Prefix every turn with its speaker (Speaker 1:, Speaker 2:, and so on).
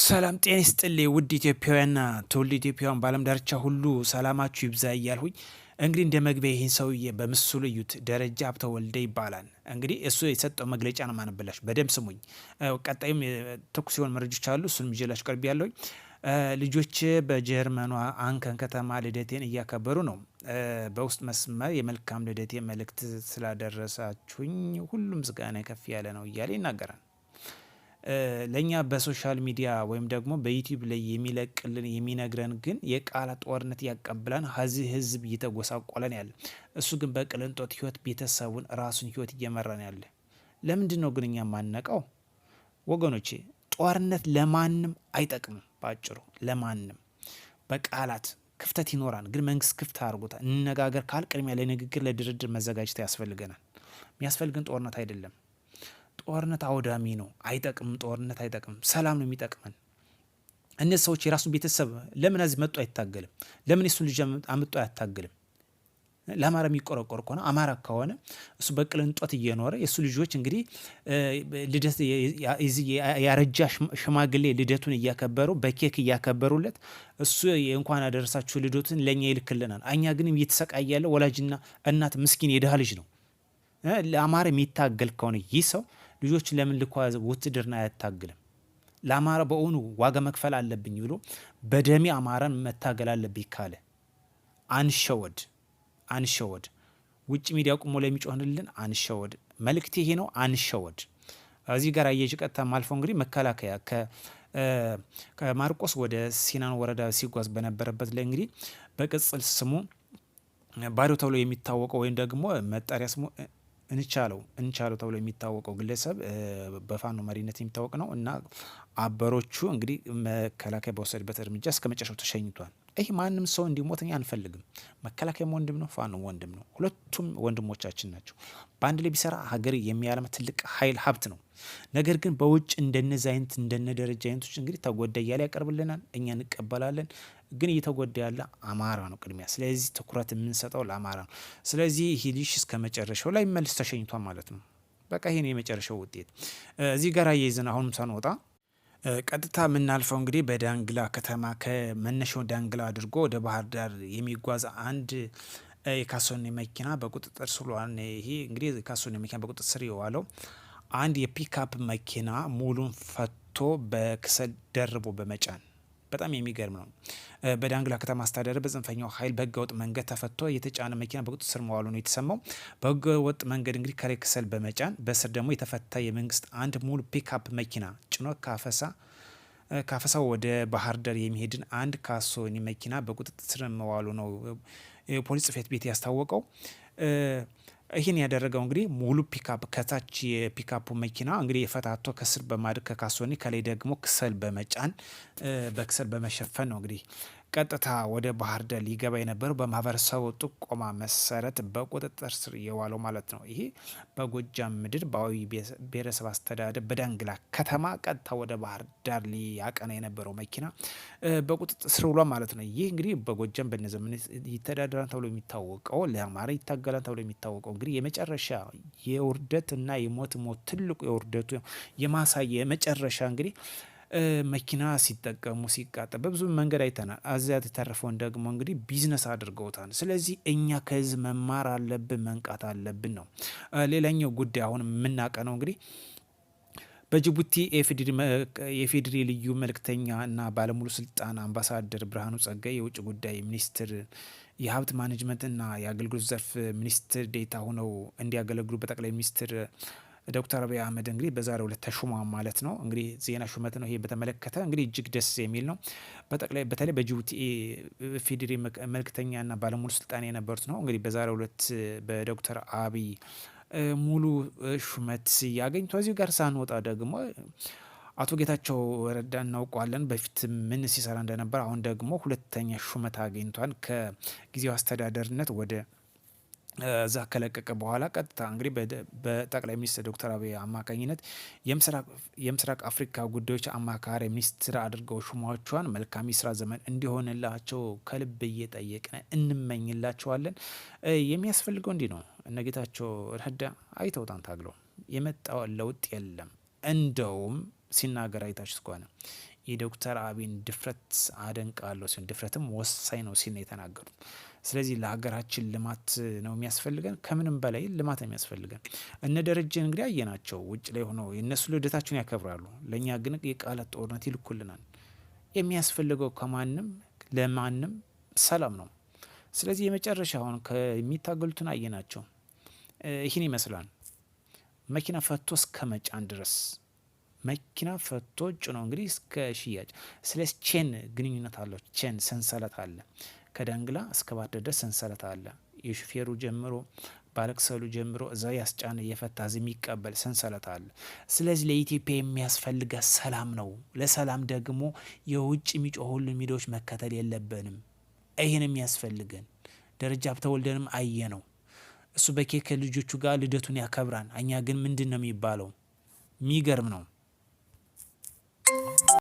Speaker 1: ሰላም ጤና ይስጥልኝ ውድ ኢትዮጵያውያንና ትውልድ ኢትዮጵያውያን በዓለም ዳርቻ ሁሉ ሰላማችሁ ይብዛ እያልሁኝ እንግዲህ እንደ መግቢያ ይህን ሰውዬ በምስሉ እዩት። ደረጃ ሀብተ ወልደ ይባላል። እንግዲህ እሱ የሰጠው መግለጫ ነው ማነብላችሁ። በደንብ ስሙኝ። ቀጣይም ትኩስ ሲሆን መረጆች አሉ። እሱን ይዤላችሁ ቀርብ ያለሁኝ ልጆች በጀርመኗ አንከን ከተማ ልደቴን እያከበሩ ነው። በውስጥ መስመር የመልካም ልደቴ መልእክት ስላደረሳችሁኝ ሁሉም ምስጋና ከፍ ያለ ነው እያለ ይናገራል። ለእኛ በሶሻል ሚዲያ ወይም ደግሞ በዩቲዩብ ላይ የሚለቅልን የሚነግረን ግን የቃላት ጦርነት ያቀብላን ሀዚህ ህዝብ እየተጎሳቆለን ያለ እሱ ግን በቅልንጦት ህይወት ቤተሰቡን ራሱን ህይወት እየመራን ያለ ለምንድን ነው ግን እኛ ማነቀው? ወገኖቼ ጦርነት ለማንም አይጠቅምም። በአጭሩ ለማንም በቃላት ክፍተት ይኖራል፣ ግን መንግስት ክፍት አድርጎታል። እንነጋገር ካል ቅድሚያ ለንግግር ለድርድር መዘጋጀት ያስፈልገናል። የሚያስፈልግን ጦርነት አይደለም። ጦርነት አውዳሚ ነው፣ አይጠቅምም። ጦርነት አይጠቅምም። ሰላም ነው የሚጠቅመን። እነዚህ ሰዎች የራሱን ቤተሰብ ለምን እዚህ መጡ አይታገልም? ለምን የሱን ልጅ አምጡ አያታግልም? ለአማራ የሚቆረቆር ከሆነ አማራ ከሆነ እሱ በቅልንጦት እየኖረ የእሱ ልጆች እንግዲህ ልደት ያረጃ ሽማግሌ ልደቱን እያከበሩ በኬክ እያከበሩለት እሱ እንኳን አደረሳችሁ ልደቱን ለእኛ ይልክልናል። እኛ ግን እየተሰቃየ ያለ ወላጅና እናት ምስኪን የድሃ ልጅ ነው። ለአማራ የሚታገል ከሆነ ይህ ሰው ልጆችን ለምን ልኳ ውትድርና አያታግልም? ለአማራ በእውኑ ዋጋ መክፈል አለብኝ ብሎ በደሜ አማራን መታገል አለብኝ ካለ አንሸወድ፣ አንሸወድ። ውጭ ሚዲያ ቁሞ ለሚጮህንልን አንሸወድ። መልእክት ይሄ ነው፣ አንሸወድ። እዚህ ጋር አየጅ ቀጥታ ማልፎ እንግዲህ መከላከያ ከማርቆስ ወደ ሲናን ወረዳ ሲጓዝ በነበረበት ላይ እንግዲህ በቅጽል ስሙ ባዶ ተብሎ የሚታወቀው ወይም ደግሞ መጠሪያ ስሙ እንቻለው እንቻለው ተብሎ የሚታወቀው ግለሰብ በፋኖ መሪነት የሚታወቅ ነው እና አበሮቹ እንግዲህ መከላከያ በወሰድበት እርምጃ እስከ መጨረሻው ተሸኝቷል። ይህ ማንም ሰው እንዲሞት እኛ አንፈልግም። መከላከያም ወንድም ነው፣ ፋኖም ወንድም ነው። ሁለቱም ወንድሞቻችን ናቸው። በአንድ ላይ ቢሰራ ሀገር የሚያለማ ትልቅ ኃይል ሀብት ነው። ነገር ግን በውጭ እንደነዚ አይነት እንደነ ደረጃ አይነቶች እንግዲህ ተጎዳ እያለ ያቀርብልናል፣ እኛ እንቀበላለን። ግን እየተጎዳ ያለ አማራ ነው ቅድሚያ። ስለዚህ ትኩረት የምንሰጠው ለአማራ ነው። ስለዚህ ይህ ልሽ እስከ መጨረሻው ላይ መልስ ተሸኝቷል ማለት ነው። በቃ ይሄ የመጨረሻው ውጤት እዚህ ጋር አያይዘን አሁንም ሳንወጣ ቀጥታ የምናልፈው እንግዲህ በዳንግላ ከተማ ከመነሻው ዳንግላ አድርጎ ወደ ባህር ዳር የሚጓዝ አንድ የካሶኒ መኪና በቁጥጥር ስር ውሏል። ይሄ እንግዲህ የካሶኒ መኪና በቁጥጥር ስር የዋለው አንድ የፒክአፕ መኪና ሙሉን ፈቶ በክሰል ደርቦ በመጫን በጣም የሚገርም ነው። በዳንግላ ከተማ አስተዳደር በጽንፈኛው ኃይል በህገወጥ መንገድ ተፈቶ የተጫነ መኪና በቁጥጥር ስር መዋሉ ነው የተሰማው። በህገወጥ መንገድ እንግዲህ ከሬ ክሰል በመጫን በስር ደግሞ የተፈታ የመንግስት አንድ ሙሉ ፒክአፕ መኪና ጭኖ ካፈሳ ካፈሳው ወደ ባህር ዳር የሚሄድን አንድ ካሶኒ መኪና በቁጥጥር ስር መዋሉ ነው የፖሊስ ጽህፈት ቤት ያስታወቀው። ይህን ያደረገው እንግዲህ ሙሉ ፒካፕ ከታች የፒካፑ መኪና እንግዲህ የፈታቶ ከስር በማድረግ ከካሶኒ ከላይ ደግሞ ክሰል በመጫን በክሰል በመሸፈን ነው እንግዲህ ቀጥታ ወደ ባህር ዳር ሊገባ የነበረው በማህበረሰቡ ጥቆማ መሰረት በቁጥጥር ስር የዋለው ማለት ነው። ይሄ በጎጃም ምድር በአዊ ብሔረሰብ አስተዳደር በዳንግላ ከተማ ቀጥታ ወደ ባህር ዳር ሊያቀና የነበረው መኪና በቁጥጥር ስር ውሏ ማለት ነው። ይህ እንግዲህ በጎጃም በነዘመን ይተዳደራል ተብሎ የሚታወቀው ለአማራ ይታገላል ተብሎ የሚታወቀው እንግዲህ የመጨረሻ የውርደት እና የሞት ሞት ትልቁ የውርደቱ የማሳየ የመጨረሻ እንግዲህ መኪና ሲጠቀሙ ሲቃጠል በብዙ መንገድ አይተናል። አዚያት የተረፈውን ደግሞ እንግዲህ ቢዝነስ አድርገውታል። ስለዚህ እኛ ከህዝብ መማር አለብን፣ መንቃት አለብን ነው። ሌላኛው ጉዳይ አሁን የምናቀነው እንግዲህ በጅቡቲ የፌዴሪ ልዩ መልክተኛ እና ባለሙሉ ስልጣን አምባሳደር ብርሃኑ ጸጋይ የውጭ ጉዳይ ሚኒስትር የሀብት ማኔጅመንት እና የአገልግሎት ዘርፍ ሚኒስትር ዴታ ሆነው እንዲያገለግሉ በጠቅላይ ሚኒስትር ዶክተር አብይ አህመድ እንግዲህ በዛሬው ዕለት ተሹማ ማለት ነው። እንግዲህ ዜና ሹመት ነው። ይሄ በተመለከተ እንግዲህ እጅግ ደስ የሚል ነው። በጠቅላይ በተለይ በጅቡቲ ፌዴሪ መልክተኛና ባለሙሉ ስልጣን የነበሩት ነው እንግዲህ በዛሬው ዕለት በዶክተር አብይ ሙሉ ሹመት ያገኝ። ከዚሁ ጋር ሳንወጣ ደግሞ አቶ ጌታቸው ረዳ እናውቀዋለን። በፊት ምን ሲሰራ እንደነበር፣ አሁን ደግሞ ሁለተኛ ሹመት አግኝቷል። ከጊዜው አስተዳደርነት ወደ እዛ ከለቀቀ በኋላ ቀጥታ እንግዲህ በጠቅላይ ሚኒስትር ዶክተር አብይ አማካኝነት የምስራቅ አፍሪካ ጉዳዮች አማካሪ ሚኒስትር አድርገው ሹማዎቿን መልካም የስራ ዘመን እንዲሆንላቸው ከልብ እየጠየቅን እንመኝላቸዋለን። የሚያስፈልገው እንዲህ ነው። እነጌታቸው ረዳ አይተውታን ታግለው የመጣው ለውጥ የለም። እንደውም ሲናገር አይታች እስከሆነ የዶክተር አብይን ድፍረት አደንቃለሁ ሲሆን ድፍረትም ወሳኝ ነው ሲል ነው የተናገሩት። ስለዚህ ለሀገራችን ልማት ነው የሚያስፈልገን፣ ከምንም በላይ ልማት ነው የሚያስፈልገን። እነ ደረጀን እንግዲህ አየናቸው ውጭ ላይ ሆነው የእነሱ ልደታቸውን ያከብራሉ፣ ለእኛ ግን የቃላት ጦርነት ይልኩልናል። የሚያስፈልገው ከማንም ለማንም ሰላም ነው። ስለዚህ የመጨረሻ አሁን ከሚታገሉትን አየናቸው ይህን ይመስላል መኪና ፈቶ እስከ መጫን ድረስ መኪና ፈቶ ጭኖ እንግዲህ እስከ ሽያጭ ስለ ቼን ግንኙነት አለው። ቼን ሰንሰለት አለ። ከዳንግላ እስከ ባህር ድረስ ሰንሰለት አለ። የሹፌሩ ጀምሮ ባለክሰሉ ጀምሮ እዛ ያስጫነ የፈታ ዝ የሚቀበል ሰንሰለት አለ። ስለዚህ ለኢትዮጵያ የሚያስፈልገ ሰላም ነው። ለሰላም ደግሞ የውጭ የሚጮሁሉ ሚዲያዎች መከተል የለብንም። ይህን የሚያስፈልገን ደረጃ ብተወልደንም አየ ነው እሱ በኬክ ልጆቹ ጋር ልደቱን ያከብራን። እኛ ግን ምንድን ነው የሚባለው? የሚገርም ነው።